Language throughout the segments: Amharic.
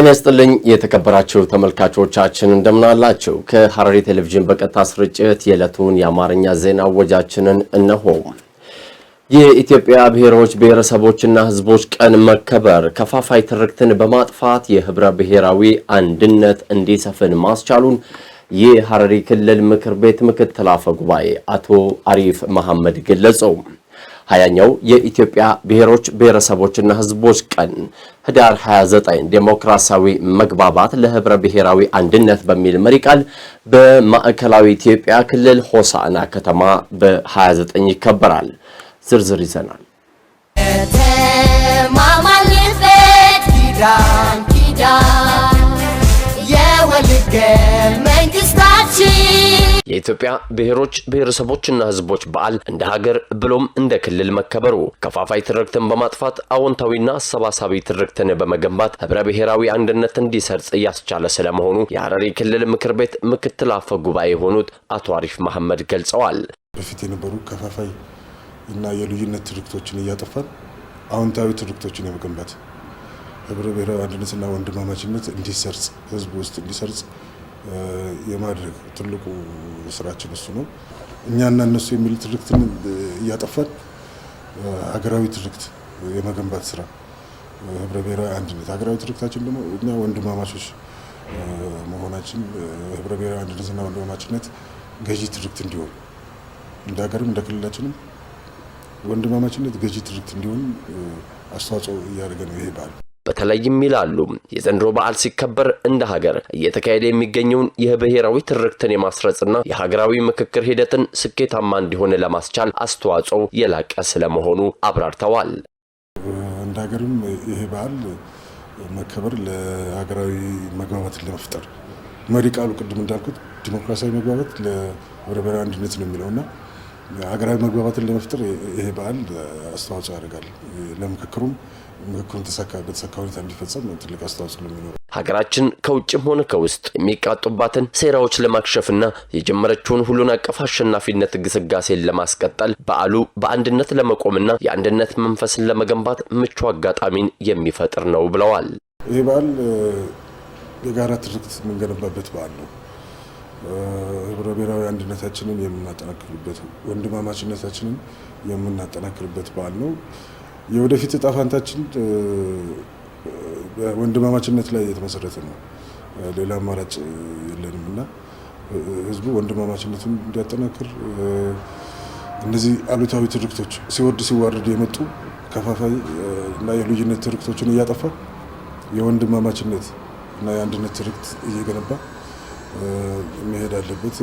ጤና ይስጥልኝ የተከበራችሁ ተመልካቾቻችን እንደምናላችሁ። ከሐረሪ ቴሌቪዥን በቀጥታ ስርጭት የዕለቱን የአማርኛ ዜና ወጃችንን እነሆ። የኢትዮጵያ ብሔሮች ብሔረሰቦችና ሕዝቦች ቀን መከበር ከፋፋይ ትርክትን በማጥፋት የህብረ ብሔራዊ አንድነት እንዲሰፍን ማስቻሉን የሐረሪ ክልል ምክር ቤት ምክትል አፈ ጉባኤ አቶ አሪፍ መሐመድ ገለጸው። ሀያኛው የኢትዮጵያ ብሔሮች ብሔረሰቦችና ህዝቦች ቀን ህዳር 29 ዴሞክራሲያዊ መግባባት ለህብረ ብሔራዊ አንድነት በሚል መሪ ቃል በማዕከላዊ ኢትዮጵያ ክልል ሆሳዕና ከተማ በ29 ይከበራል። ዝርዝር ይዘናል። ኪዳን ኪዳን የወልገ መንግስት የኢትዮጵያ ብሔሮች ብሔረሰቦችና ህዝቦች በዓል እንደ ሀገር ብሎም እንደ ክልል መከበሩ ከፋፋይ ትርክትን በማጥፋት አዎንታዊና አሰባሳቢ ትርክትን በመገንባት ህብረ ብሔራዊ አንድነት እንዲሰርጽ እያስቻለ ስለመሆኑ የሀረሪ ክልል ምክር ቤት ምክትል አፈ ጉባኤ የሆኑት አቶ አሪፍ መሐመድ ገልጸዋል። በፊት የነበሩ ከፋፋይ እና የልዩነት ትርክቶችን እያጠፋን አዎንታዊ ትርክቶችን የመገንባት ህብረ ብሔራዊ አንድነትና ወንድማማችነት እንዲሰርጽ ህዝብ ውስጥ እንዲሰርጽ የማድረግ ትልቁ ስራችን እሱ ነው። እኛና እነሱ የሚል ትርክትን እያጠፋን ሀገራዊ ትርክት የመገንባት ስራ ህብረ ብሔራዊ አንድነት ሀገራዊ ትርክታችን ደግሞ እኛ ወንድማማቾች መሆናችን ህብረ ብሔራዊ አንድነትና ወንድማማችነት ገዢ ትርክት እንዲሆን እንደ ሀገርም እንደ ክልላችንም ወንድማማችነት ገዢ ትርክት እንዲሆን አስተዋጽኦ እያደረገ ነው ይሄ ባህል። በተለይም ይላሉ የዘንድሮ በዓል ሲከበር እንደ ሀገር እየተካሄደ የሚገኘውን የብሔራዊ ትርክትን የማስረጽና የሀገራዊ ምክክር ሂደትን ስኬታማ እንዲሆን ለማስቻል አስተዋጽኦ የላቀ ስለመሆኑ አብራርተዋል። እንደ ሀገርም ይሄ በዓል መከበር ለሀገራዊ መግባባትን ለመፍጠር መሪ ቃሉ ቅድም እንዳልኩት ዲሞክራሲያዊ መግባባት ለህብረ ብሔራዊ አንድነት ነው የሚለውና ሀገራዊ መግባባትን ለመፍጠር ይሄ በዓል አስተዋጽኦ ያደርጋል። ለምክክሩም ምክክሩን በተሳካ ሁኔታ እንዲፈጸም ትልቅ አስተዋጽኦ ለሚኖሩ ሀገራችን ከውጭም ሆነ ከውስጥ የሚቃጡባትን ሴራዎች ለማክሸፍና የጀመረችውን ሁሉን አቀፍ አሸናፊነት ግስጋሴን ለማስቀጠል በዓሉ በአንድነት ለመቆምና የአንድነት መንፈስን ለመገንባት ምቹ አጋጣሚን የሚፈጥር ነው ብለዋል። ይህ በዓል የጋራ ትርክት የምንገነባበት በዓል ነው። ህብረ ብሔራዊ አንድነታችንን የምናጠናክርበት ወንድማማችነታችንን የምናጠናክርበት በዓል ነው። የወደፊት እጣ ፋንታችን ወንድማማችነት ላይ የተመሰረተ ነው። ሌላ አማራጭ የለንም እና ህዝቡ ወንድማማችነቱን እንዲያጠናክር እነዚህ አሉታዊ ትርክቶች ሲወርድ ሲዋርድ የመጡ ከፋፋይ እና የልዩነት ትርክቶችን እያጠፋ የወንድማማችነት እና የአንድነት ትርክት እየገነባ መሄድ አለበት።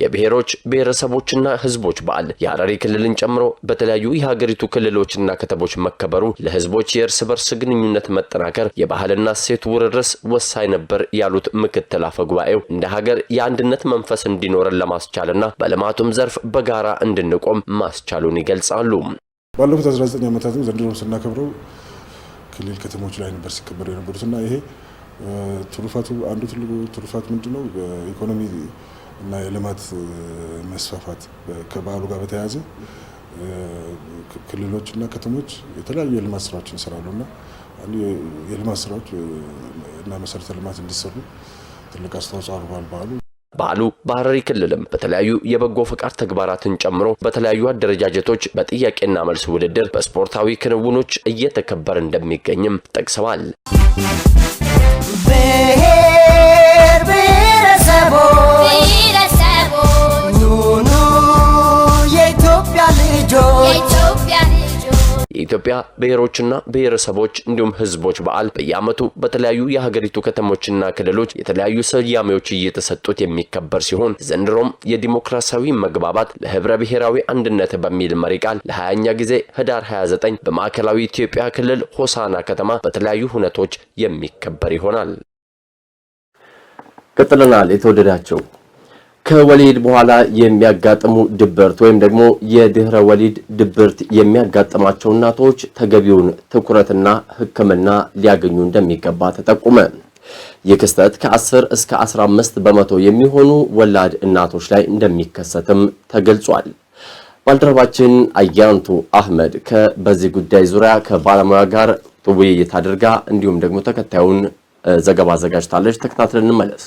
የብሔሮች ብሔረሰቦችና ህዝቦች በዓል የሐረሪ ክልልን ጨምሮ በተለያዩ የሀገሪቱ ክልሎችና ከተሞች መከበሩ ለህዝቦች የእርስ በርስ ግንኙነት መጠናከር፣ የባህልና እሴት ውርርስ ወሳኝ ነበር ያሉት ምክትል አፈ ጉባኤው እንደ ሀገር የአንድነት መንፈስ እንዲኖረን ለማስቻልና በልማቱም ዘርፍ በጋራ እንድንቆም ማስቻሉን ይገልጻሉ። ባለፉት 19 ዓመታትም ዘንድሮ ስናከብረው ክልል ከተሞች ላይ ነበር ሲከበሩ የነበሩትና ይሄ ትሩፋቱ አንዱ ትልቁ ትሩፋት ምንድ ነው? በኢኮኖሚ እና የልማት መስፋፋት ከበዓሉ ጋር በተያያዘ ክልሎች እና ከተሞች የተለያዩ የልማት ስራዎችን እንሰራሉ እና አንዱ የልማት ስራዎች እና መሰረተ ልማት እንዲሰሩ ትልቅ አስተዋጽኦ አድርጓል በዓሉ። በዓሉ በሐረሪ ክልልም በተለያዩ የበጎ ፈቃድ ተግባራትን ጨምሮ በተለያዩ አደረጃጀቶች በጥያቄና መልስ ውድድር በስፖርታዊ ክንውኖች እየተከበረ እንደሚገኝም ጠቅሰዋል። የኢትዮጵያ ብሔሮችና ብሔረሰቦች እንዲሁም ህዝቦች በዓል በየዓመቱ በተለያዩ የሀገሪቱ ከተሞችና ክልሎች የተለያዩ ስያሜዎች እየተሰጡት የሚከበር ሲሆን ዘንድሮም የዲሞክራሲያዊ መግባባት ለህብረ ብሔራዊ አንድነት በሚል መሪ ቃል ለሀያኛ ጊዜ ህዳር 29 በማዕከላዊ ኢትዮጵያ ክልል ሆሳና ከተማ በተለያዩ ሁነቶች የሚከበር ይሆናል። ቀጥለናል። የተወደዳቸው ከወሊድ በኋላ የሚያጋጥሙ ድብርት ወይም ደግሞ የድህረ ወሊድ ድብርት የሚያጋጥማቸው እናቶች ተገቢውን ትኩረትና ሕክምና ሊያገኙ እንደሚገባ ተጠቁመ። ይህ ክስተት ከ10 እስከ 15 በመቶ የሚሆኑ ወላድ እናቶች ላይ እንደሚከሰትም ተገልጿል። ባልደረባችን አያንቱ አህመድ በዚህ ጉዳይ ዙሪያ ከባለሙያ ጋር ውይይት አድርጋ እንዲሁም ደግሞ ተከታዩን ዘገባ አዘጋጅታለች። ተከታትለን እንመለስ።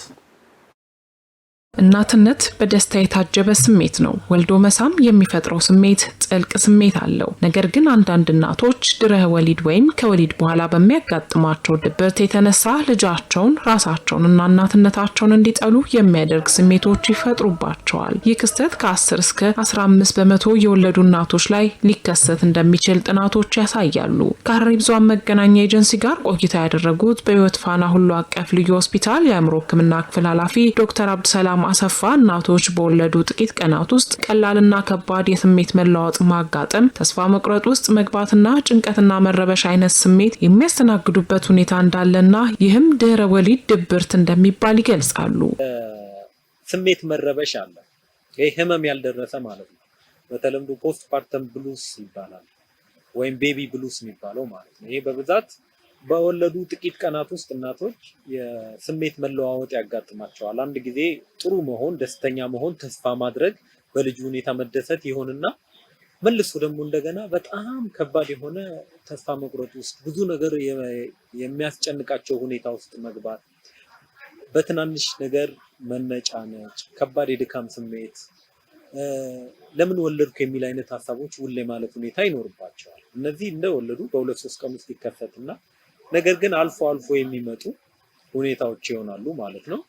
እናትነት በደስታ የታጀበ ስሜት ነው። ወልዶ መሳም የሚፈጥረው ስሜት ጥልቅ ስሜት አለው። ነገር ግን አንዳንድ እናቶች ድረህ ወሊድ ወይም ከወሊድ በኋላ በሚያጋጥማቸው ድብርት የተነሳ ልጃቸውን፣ ራሳቸውንና እናትነታቸውን እንዲጠሉ የሚያደርግ ስሜቶች ይፈጥሩባቸዋል። ይህ ክስተት ከ10 እስከ 15 በመቶ የወለዱ እናቶች ላይ ሊከሰት እንደሚችል ጥናቶች ያሳያሉ። ከሐረሪ ብዙኃን መገናኛ ኤጀንሲ ጋር ቆይታ ያደረጉት በሕይወት ፋና ሁሉ አቀፍ ልዩ ሆስፒታል የአእምሮ ህክምና ክፍል ኃላፊ ዶክተር አብዱሰላም ሰላም አሰፋ እናቶች በወለዱ ጥቂት ቀናት ውስጥ ቀላልና ከባድ የስሜት መለዋወጥ ማጋጠም፣ ተስፋ መቁረጥ ውስጥ መግባትና ጭንቀትና መረበሽ አይነት ስሜት የሚያስተናግዱበት ሁኔታ እንዳለና ይህም ድህረ ወሊድ ድብርት እንደሚባል ይገልጻሉ። ስሜት መረበሽ አለ። ይህ ህመም ያልደረሰ ማለት ነው። በተለምዶ ፖስት ፓርተም ብሉስ ይባላል ወይም ቤቢ ብሉስ የሚባለው ማለት ነው። ይሄ በብዛት በወለዱ ጥቂት ቀናት ውስጥ እናቶች የስሜት መለዋወጥ ያጋጥማቸዋል። አንድ ጊዜ ጥሩ መሆን፣ ደስተኛ መሆን፣ ተስፋ ማድረግ፣ በልጁ ሁኔታ መደሰት ይሆንና መልሶ ደግሞ እንደገና በጣም ከባድ የሆነ ተስፋ መቁረጥ ውስጥ ብዙ ነገር የሚያስጨንቃቸው ሁኔታ ውስጥ መግባት፣ በትናንሽ ነገር መነጫነጭ፣ ከባድ የድካም ስሜት፣ ለምን ወለድኩ የሚል አይነት ሀሳቦች ውሌ ማለት ሁኔታ ይኖርባቸዋል። እነዚህ እንደወለዱ በሁለት ሶስት ቀን ውስጥ ይከሰትና ነገር ግን አልፎ አልፎ የሚመጡ ሁኔታዎች ይሆናሉ ማለት ነው።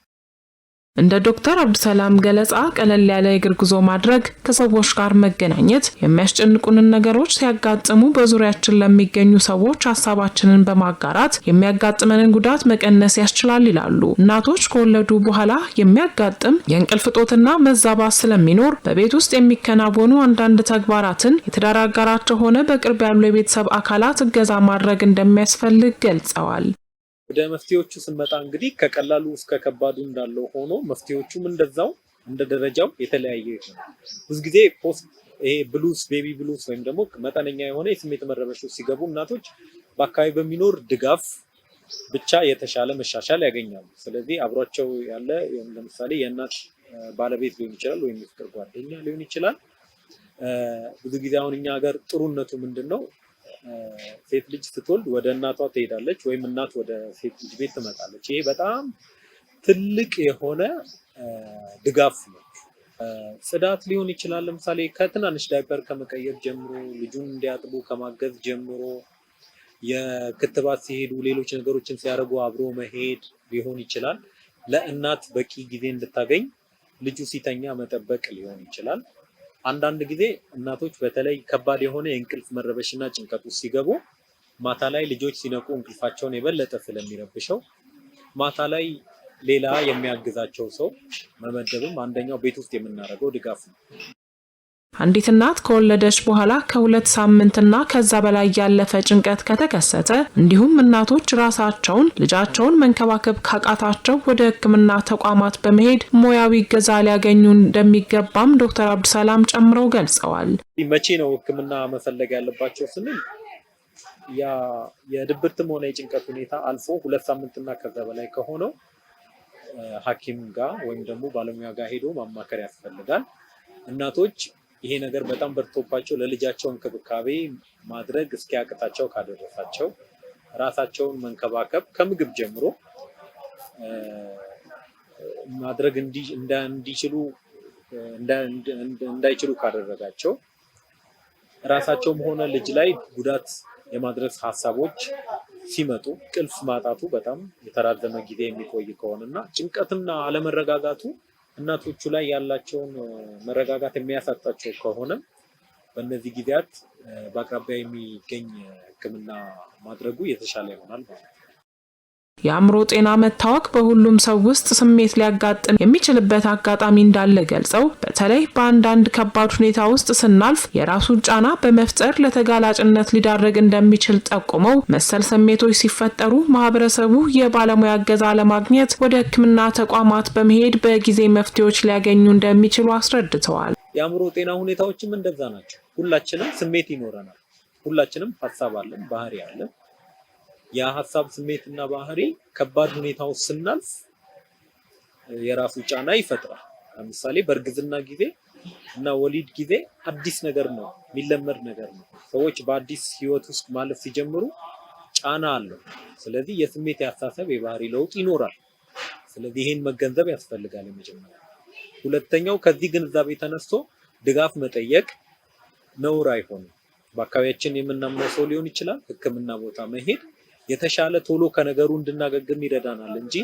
እንደ ዶክተር አብዱሰላም ገለጻ ቀለል ያለ የእግር ጉዞ ማድረግ፣ ከሰዎች ጋር መገናኘት፣ የሚያስጨንቁንን ነገሮች ሲያጋጥሙ በዙሪያችን ለሚገኙ ሰዎች ሀሳባችንን በማጋራት የሚያጋጥመንን ጉዳት መቀነስ ያስችላል ይላሉ። እናቶች ከወለዱ በኋላ የሚያጋጥም የእንቅልፍ እጦትና መዛባት ስለሚኖር በቤት ውስጥ የሚከናወኑ አንዳንድ ተግባራትን የትዳር አጋራቸው ሆነ በቅርብ ያሉ የቤተሰብ አካላት እገዛ ማድረግ እንደሚያስፈልግ ገልጸዋል። ወደ መፍትሄዎቹ ስንመጣ እንግዲህ ከቀላሉ እስከ ከባዱ እንዳለው ሆኖ መፍትሄዎቹም እንደዛው እንደ ደረጃው የተለያየ ይሆናል። ብዙ ጊዜ ፖስት ይሄ ብሉስ ቤቢ ብሉስ ወይም ደግሞ መጠነኛ የሆነ የስሜት መረበሽ ሲገቡ እናቶች በአካባቢ በሚኖር ድጋፍ ብቻ የተሻለ መሻሻል ያገኛሉ። ስለዚህ አብሯቸው ያለ ለምሳሌ የእናት ባለቤት ሊሆን ይችላል፣ ወይም የፍቅር ጓደኛ ሊሆን ይችላል። ብዙ ጊዜ አሁን እኛ ሀገር ጥሩነቱ ምንድን ነው? ሴት ልጅ ስትወልድ ወደ እናቷ ትሄዳለች ወይም እናት ወደ ሴት ልጅ ቤት ትመጣለች። ይሄ በጣም ትልቅ የሆነ ድጋፍ ነው። ጽዳት ሊሆን ይችላል። ለምሳሌ ከትናንሽ ዳይፐር ከመቀየር ጀምሮ ልጁን እንዲያጥቡ ከማገዝ ጀምሮ የክትባት ሲሄዱ ሌሎች ነገሮችን ሲያደርጉ አብሮ መሄድ ሊሆን ይችላል። ለእናት በቂ ጊዜ እንድታገኝ ልጁ ሲተኛ መጠበቅ ሊሆን ይችላል። አንዳንድ ጊዜ እናቶች በተለይ ከባድ የሆነ የእንቅልፍ መረበሽና ጭንቀት ውስጥ ሲገቡ ማታ ላይ ልጆች ሲነቁ እንቅልፋቸውን የበለጠ ስለሚረብሸው ማታ ላይ ሌላ የሚያግዛቸው ሰው መመደብም አንደኛው ቤት ውስጥ የምናደርገው ድጋፍ ነው። አንዲት እናት ከወለደች በኋላ ከሁለት ሳምንትና ከዛ በላይ ያለፈ ጭንቀት ከተከሰተ እንዲሁም እናቶች ራሳቸውን ልጃቸውን መንከባከብ ካቃታቸው ወደ ሕክምና ተቋማት በመሄድ ሙያዊ እገዛ ሊያገኙ እንደሚገባም ዶክተር አብዱሰላም ጨምረው ገልጸዋል። መቼ ነው ሕክምና መፈለግ ያለባቸው ስንል ያ የድብርትም ሆነ የጭንቀት ሁኔታ አልፎ ሁለት ሳምንትና ከዛ በላይ ከሆነው ሐኪም ጋር ወይም ደግሞ ባለሙያ ጋር ሄዶ ማማከር ያስፈልጋል። እናቶች ይሄ ነገር በጣም በርቶባቸው ለልጃቸው እንክብካቤ ማድረግ እስኪያቅታቸው ካደረሳቸው ራሳቸውን መንከባከብ ከምግብ ጀምሮ ማድረግ እንዲችሉ እንዳይችሉ ካደረጋቸው ራሳቸውም ሆነ ልጅ ላይ ጉዳት የማድረስ ሀሳቦች ሲመጡ ቅልፍ ማጣቱ በጣም የተራዘመ ጊዜ የሚቆይ ከሆነ እና ጭንቀትና አለመረጋጋቱ እናቶቹ ላይ ያላቸውን መረጋጋት የሚያሳጣቸው ከሆነ በእነዚህ ጊዜያት በአቅራቢያ የሚገኝ ሕክምና ማድረጉ የተሻለ ይሆናል ማለት ነው። የአእምሮ ጤና መታወክ በሁሉም ሰው ውስጥ ስሜት ሊያጋጥም የሚችልበት አጋጣሚ እንዳለ ገልጸው በተለይ በአንዳንድ ከባድ ሁኔታ ውስጥ ስናልፍ የራሱን ጫና በመፍጠር ለተጋላጭነት ሊዳረግ እንደሚችል ጠቁመው መሰል ስሜቶች ሲፈጠሩ ማህበረሰቡ የባለሙያ እገዛ ለማግኘት ወደ ሕክምና ተቋማት በመሄድ በጊዜ መፍትሄዎች ሊያገኙ እንደሚችሉ አስረድተዋል። የአእምሮ ጤና ሁኔታዎችም እንደዛ ናቸው። ሁላችንም ስሜት ይኖረናል። ሁላችንም ሀሳብ አለን፣ ባህሪ አለን የሀሳብ ስሜትና ባህሪ ከባድ ሁኔታ ውስጥ ስናልፍ የራሱ ጫና ይፈጥራል። ለምሳሌ በእርግዝና ጊዜ እና ወሊድ ጊዜ አዲስ ነገር ነው፣ የሚለመድ ነገር ነው። ሰዎች በአዲስ ህይወት ውስጥ ማለፍ ሲጀምሩ ጫና አለው። ስለዚህ የስሜት ያሳሰብ የባህሪ ለውጥ ይኖራል። ስለዚህ ይህን መገንዘብ ያስፈልጋል። የመጀመሪያ ሁለተኛው ከዚህ ግንዛቤ ተነስቶ ድጋፍ መጠየቅ ነውር አይሆንም። በአካባቢያችን የምናምነው ሰው ሊሆን ይችላል፣ ሕክምና ቦታ መሄድ የተሻለ ቶሎ ከነገሩ እንድናገግም ይረዳናል እንጂ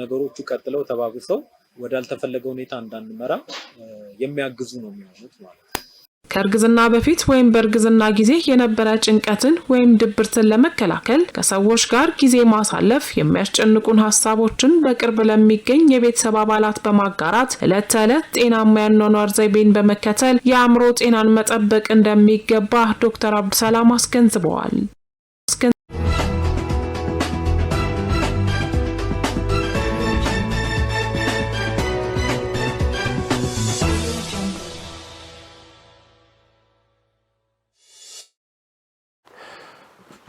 ነገሮቹ ቀጥለው ተባብሰው ወዳልተፈለገ ሁኔታ እንዳንመራ የሚያግዙ ነው የሚሆኑት ማለት ነው። ከእርግዝና በፊት ወይም በእርግዝና ጊዜ የነበረ ጭንቀትን ወይም ድብርትን ለመከላከል ከሰዎች ጋር ጊዜ ማሳለፍ፣ የሚያስጨንቁን ሀሳቦችን በቅርብ ለሚገኝ የቤተሰብ አባላት በማጋራት ዕለት ተዕለት ጤናማ ያኗኗር ዘይቤን በመከተል የአእምሮ ጤናን መጠበቅ እንደሚገባ ዶክተር አብዱሰላም አስገንዝበዋል።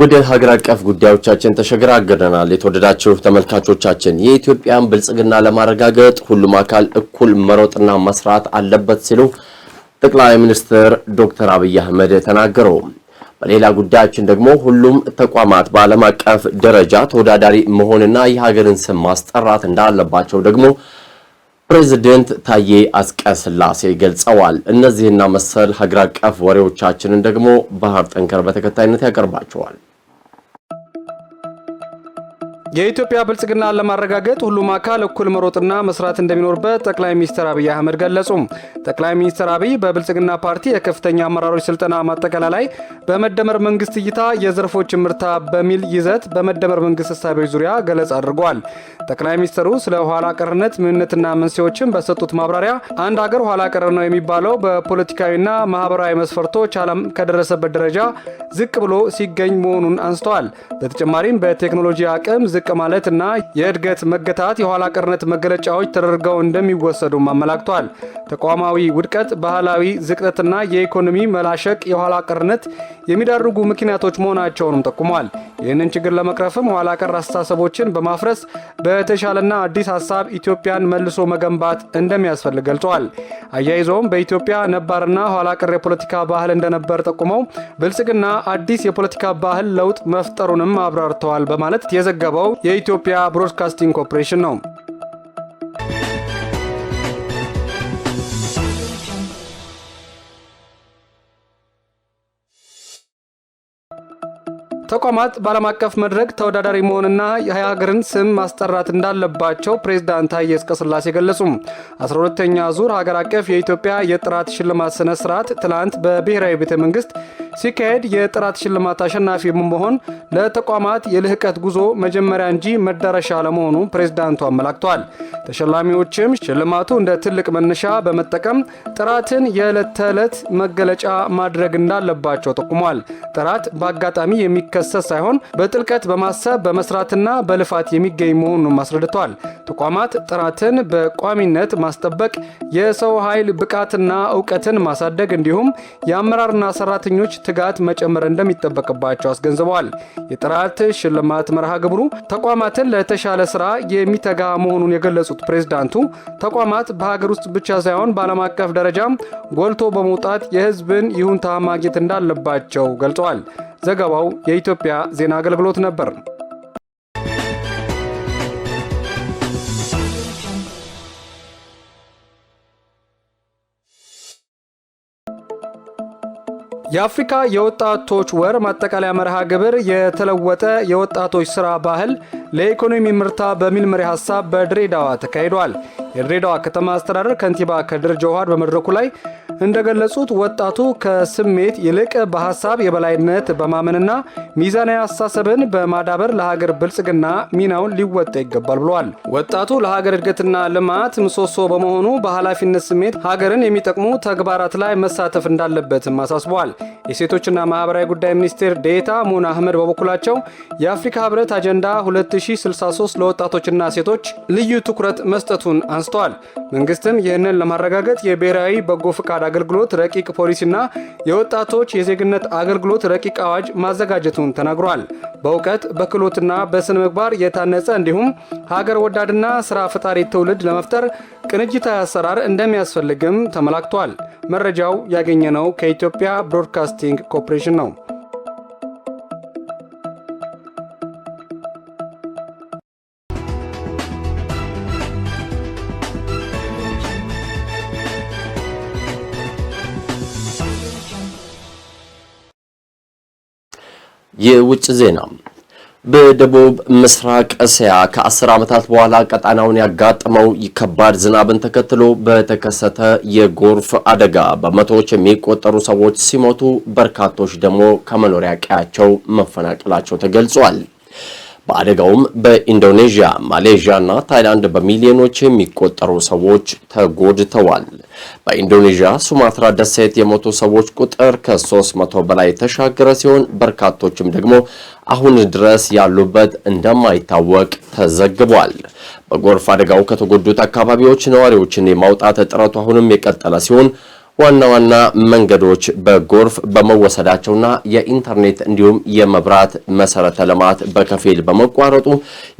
ወደ ሀገር አቀፍ ጉዳዮቻችን ተሸጋግረናል። የተወደዳችሁ ተመልካቾቻችን የኢትዮጵያን ብልጽግና ለማረጋገጥ ሁሉም አካል እኩል መሮጥና መስራት አለበት ሲሉ ጠቅላይ ሚኒስትር ዶክተር አብይ አህመድ ተናገሩ። በሌላ ጉዳያችን ደግሞ ሁሉም ተቋማት በዓለም አቀፍ ደረጃ ተወዳዳሪ መሆንና የሀገርን ስም ማስጠራት እንዳለባቸው ደግሞ ፕሬዝደንት ታዬ አጽቀሥላሴ ገልጸዋል። እነዚህና መሰል ሀገር አቀፍ ወሬዎቻችንን ደግሞ ባህር ጠንከር በተከታይነት ያቀርባቸዋል። የኢትዮጵያ ብልጽግናን ለማረጋገጥ ሁሉም አካል እኩል መሮጥና መስራት እንደሚኖርበት ጠቅላይ ሚኒስትር አብይ አህመድ ገለጹም። ጠቅላይ ሚኒስትር አብይ በብልጽግና ፓርቲ የከፍተኛ አመራሮች ስልጠና ማጠቃለያ ላይ በመደመር መንግስት እይታ የዘርፎች ምርታ በሚል ይዘት በመደመር መንግስት እሳቤዎች ዙሪያ ገለጽ አድርጓል። ጠቅላይ ሚኒስትሩ ስለ ኋላ ቀርነት ምንነትና መንስኤዎችን በሰጡት ማብራሪያ አንድ ሀገር ኋላ ቀር ነው የሚባለው በፖለቲካዊና ማህበራዊ መስፈርቶች ዓለም ከደረሰበት ደረጃ ዝቅ ብሎ ሲገኝ መሆኑን አንስተዋል። በተጨማሪም በቴክኖሎጂ አቅም ዝቅ ዝቅ ማለት እና የእድገት መገታት የኋላ ቀርነት መገለጫዎች ተደርገው እንደሚወሰዱም አመላክቷል። ተቋማዊ ውድቀት፣ ባህላዊ ዝቅጠትና የኢኮኖሚ መላሸቅ የኋላ ቀርነት የሚዳርጉ ምክንያቶች መሆናቸውንም ጠቁሟል። ይህንን ችግር ለመቅረፍም ኋላ ቀር አስተሳሰቦችን በማፍረስ በተሻለና አዲስ ሀሳብ ኢትዮጵያን መልሶ መገንባት እንደሚያስፈልግ ገልጿል። አያይዘውም በኢትዮጵያ ነባርና ኋላ ቀር የፖለቲካ ባህል እንደነበር ጠቁመው ብልጽግና አዲስ የፖለቲካ ባህል ለውጥ መፍጠሩንም አብራርተዋል በማለት የዘገበው የኢትዮጵያ ብሮድካስቲንግ ኮርፖሬሽን ነው። ተቋማት በዓለም አቀፍ መድረክ ተወዳዳሪ መሆንና የሀገርን ስም ማስጠራት እንዳለባቸው ፕሬዝዳንት ታዬ አጽቀሥላሴ ገለጹ። 12ተኛ ዙር ሀገር አቀፍ የኢትዮጵያ የጥራት ሽልማት ስነ ስርዓት ትናንት በብሔራዊ ቤተ መንግስት ሲካሄድ የጥራት ሽልማት አሸናፊ መሆን ለተቋማት የልህቀት ጉዞ መጀመሪያ እንጂ መዳረሻ ለመሆኑ ፕሬዝዳንቱ አመላክተዋል። ተሸላሚዎችም ሽልማቱ እንደ ትልቅ መነሻ በመጠቀም ጥራትን የዕለት ተዕለት መገለጫ ማድረግ እንዳለባቸው ጠቁሟል። ጥራት በአጋጣሚ የሚከ በመገሰጽ ሳይሆን በጥልቀት በማሰብ በመስራትና በልፋት የሚገኝ መሆኑን አስረድተዋል። ተቋማት ጥራትን በቋሚነት ማስጠበቅ፣ የሰው ኃይል ብቃትና እውቀትን ማሳደግ እንዲሁም የአመራርና ሰራተኞች ትጋት መጨመር እንደሚጠበቅባቸው አስገንዝበዋል። የጥራት ሽልማት መርሃ ግብሩ ተቋማትን ለተሻለ ስራ የሚተጋ መሆኑን የገለጹት ፕሬዝዳንቱ ተቋማት በሀገር ውስጥ ብቻ ሳይሆን በዓለም አቀፍ ደረጃም ጎልቶ በመውጣት የህዝብን ይሁንታ ማግኘት እንዳለባቸው ገልጸዋል። ዘገባው የኢትዮጵያ ዜና አገልግሎት ነበር። የአፍሪካ የወጣቶች ወር ማጠቃለያ መርሃ ግብር የተለወጠ የወጣቶች ሥራ ባህል ለኢኮኖሚ ምርታ በሚል መሪ ሐሳብ በድሬዳዋ ተካሂዷል። የድሬዳዋ ከተማ አስተዳደር ከንቲባ ከድር ጀውሃር በመድረኩ ላይ እንደገለጹት ወጣቱ ከስሜት ይልቅ በሐሳብ የበላይነት በማመንና ሚዛናዊ አስተሳሰብን በማዳበር ለሀገር ብልጽግና ሚናውን ሊወጣ ይገባል ብለዋል። ወጣቱ ለሀገር እድገትና ልማት ምሰሶ በመሆኑ በኃላፊነት ስሜት ሀገርን የሚጠቅሙ ተግባራት ላይ መሳተፍ እንዳለበትም አሳስበዋል። የሴቶችና ማህበራዊ ጉዳይ ሚኒስቴር ዴታ ሙን አህመድ በበኩላቸው የአፍሪካ ህብረት አጀንዳ 2063 ለወጣቶችና ሴቶች ልዩ ትኩረት መስጠቱን አንስተዋል። መንግስትም ይህንን ለማረጋገጥ የብሔራዊ በጎ ፍቃድ የአጋር አገልግሎት ረቂቅ ፖሊሲና የወጣቶች የዜግነት አገልግሎት ረቂቅ አዋጅ ማዘጋጀቱን ተናግሯል። በእውቀት በክህሎትና በስነ ምግባር የታነጸ እንዲሁም ሀገር ወዳድና ስራ ፈጣሪ ትውልድ ለመፍጠር ቅንጅታዊ አሰራር እንደሚያስፈልግም ተመላክቷል። መረጃው ያገኘነው ከኢትዮጵያ ብሮድካስቲንግ ኮርፖሬሽን ነው። የውጭ ዜና በደቡብ ምስራቅ እስያ ከ10 ዓመታት በኋላ ቀጣናውን ያጋጠመው ከባድ ዝናብን ተከትሎ በተከሰተ የጎርፍ አደጋ በመቶዎች የሚቆጠሩ ሰዎች ሲሞቱ በርካቶች ደግሞ ከመኖሪያ ቀያቸው መፈናቀላቸው ተገልጿል። በአደጋውም በኢንዶኔዥያ፣ ማሌዥያ እና ታይላንድ በሚሊዮኖች የሚቆጠሩ ሰዎች ተጎድተዋል። በኢንዶኔዥያ ሱማትራ ደሴት የሞቱ ሰዎች ቁጥር ከ300 በላይ የተሻገረ ሲሆን በርካቶችም ደግሞ አሁን ድረስ ያሉበት እንደማይታወቅ ተዘግቧል። በጎርፍ አደጋው ከተጎዱት አካባቢዎች ነዋሪዎችን የማውጣት ጥረቱ አሁንም የቀጠለ ሲሆን ዋና ዋና መንገዶች በጎርፍ በመወሰዳቸውና የኢንተርኔት እንዲሁም የመብራት መሰረተ ልማት በከፊል በመቋረጡ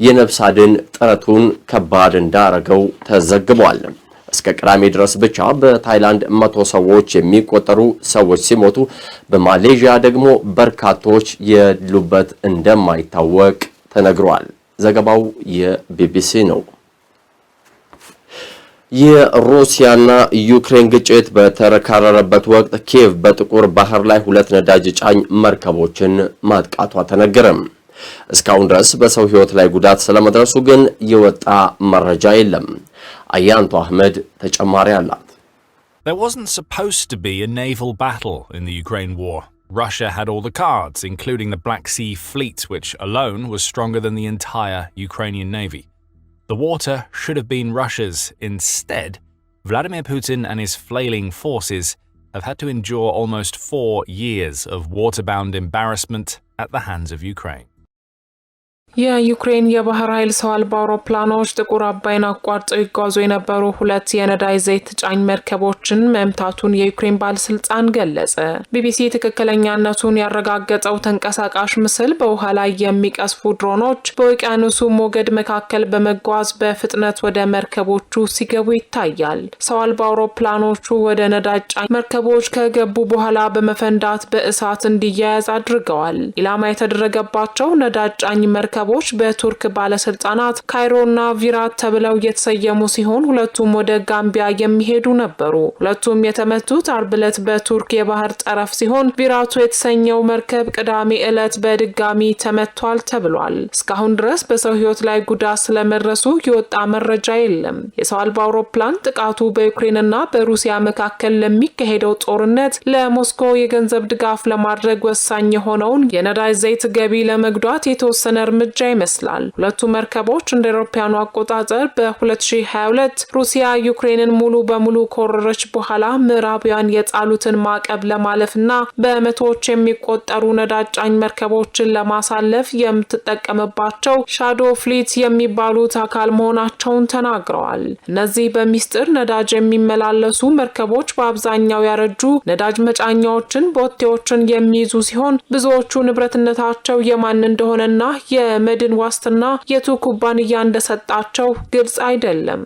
የነፍስ አድን ጥረቱን ከባድ እንዳረገው ተዘግቧል። እስከ ቅዳሜ ድረስ ብቻ በታይላንድ መቶ ሰዎች የሚቆጠሩ ሰዎች ሲሞቱ በማሌዥያ ደግሞ በርካቶች የሉበት እንደማይታወቅ ተነግሯል። ዘገባው የቢቢሲ ነው። የሩሲያና ዩክሬን ግጭት በተካረረበት ወቅት ኪየቭ በጥቁር ባህር ላይ ሁለት ነዳጅ ጫኝ መርከቦችን ማጥቃቷ ተነገረም። እስካሁን ድረስ በሰው ሕይወት ላይ ጉዳት ስለመድረሱ ግን የወጣ መረጃ የለም። አያንቱ አህመድ ተጨማሪ አላት። There wasn't supposed to be a naval battle in the Ukraine war. Russia had all the cards, including the Black Sea Fleet, which alone was stronger than the entire Ukrainian navy. The water should have been Russia's. Instead, Vladimir Putin and his flailing forces have had to endure almost four years of waterbound embarrassment at the hands of Ukraine. የዩክሬን የባህር ኃይል ሰው አልባ አውሮፕላኖች ጥቁር አባይን አቋርጠው ይጓዙ የነበሩ ሁለት የነዳጅ ዘይት ጫኝ መርከቦችን መምታቱን የዩክሬን ባለስልጣን ገለጸ። ቢቢሲ ትክክለኛነቱን ያረጋገጠው ተንቀሳቃሽ ምስል በውሃ ላይ የሚቀስፉ ድሮኖች በውቅያኖሱ ሞገድ መካከል በመጓዝ በፍጥነት ወደ መርከቦቹ ሲገቡ ይታያል። ሰው አልባ አውሮፕላኖቹ ወደ ነዳጅ ጫኝ መርከቦች ከገቡ በኋላ በመፈንዳት በእሳት እንዲያያዝ አድርገዋል። ኢላማ የተደረገባቸው ነዳጅ ጫኝ መርከ ግለሰቦች በቱርክ ባለስልጣናት ካይሮና ቪራት ተብለው የተሰየሙ ሲሆን ሁለቱም ወደ ጋምቢያ የሚሄዱ ነበሩ። ሁለቱም የተመቱት አርብ ዕለት በቱርክ የባህር ጠረፍ ሲሆን ቪራቱ የተሰኘው መርከብ ቅዳሜ ዕለት በድጋሚ ተመቷል ተብሏል። እስካሁን ድረስ በሰው ሕይወት ላይ ጉዳት ስለመድረሱ የወጣ መረጃ የለም። የሰው አልባ አውሮፕላን ጥቃቱ በዩክሬንና በሩሲያ መካከል ለሚካሄደው ጦርነት ለሞስኮ የገንዘብ ድጋፍ ለማድረግ ወሳኝ የሆነውን የነዳጅ ዘይት ገቢ ለመጉዳት የተወሰነ እርምጃ እርምጃ ይመስላል። ሁለቱ መርከቦች እንደ አውሮፓውያኑ አቆጣጠር በ2022 ሩሲያ ዩክሬንን ሙሉ በሙሉ ከወረረች በኋላ ምዕራቢያን የጣሉትን ማዕቀብ ለማለፍና በመቶዎች የሚቆጠሩ ነዳጅ ጫኝ መርከቦችን ለማሳለፍ የምትጠቀምባቸው ሻዶ ፍሊት የሚባሉት አካል መሆናቸውን ተናግረዋል። እነዚህ በሚስጥር ነዳጅ የሚመላለሱ መርከቦች በአብዛኛው ያረጁ ነዳጅ መጫኛዎችን፣ ቦቴዎችን የሚይዙ ሲሆን ብዙዎቹ ንብረትነታቸው የማን እንደሆነና የመድን ዋስትና የቱ ኩባንያ እንደሰጣቸው ግልጽ አይደለም።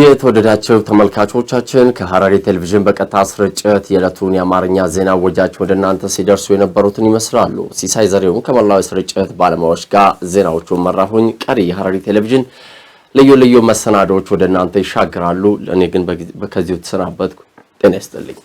የተወደዳቸው ተመልካቾቻችን ከሐረሪ ቴሌቪዥን በቀጥታ ስርጭት የዕለቱን የአማርኛ ዜና ወጃችን ወደ እናንተ ሲደርሱ የነበሩትን ይመስላሉ። ሲሳይ ዘሬውን ከመላው ስርጭት ባለሙያዎች ጋር ዜናዎቹን መራሁኝ። ቀሪ የሐረሪ ቴሌቪዥን ልዩ ልዩ መሰናዶዎች ወደ እናንተ ይሻግራሉ። እኔ ግን ከዚሁ ተሰናበትኩ። ጤና ይስጥልኝ።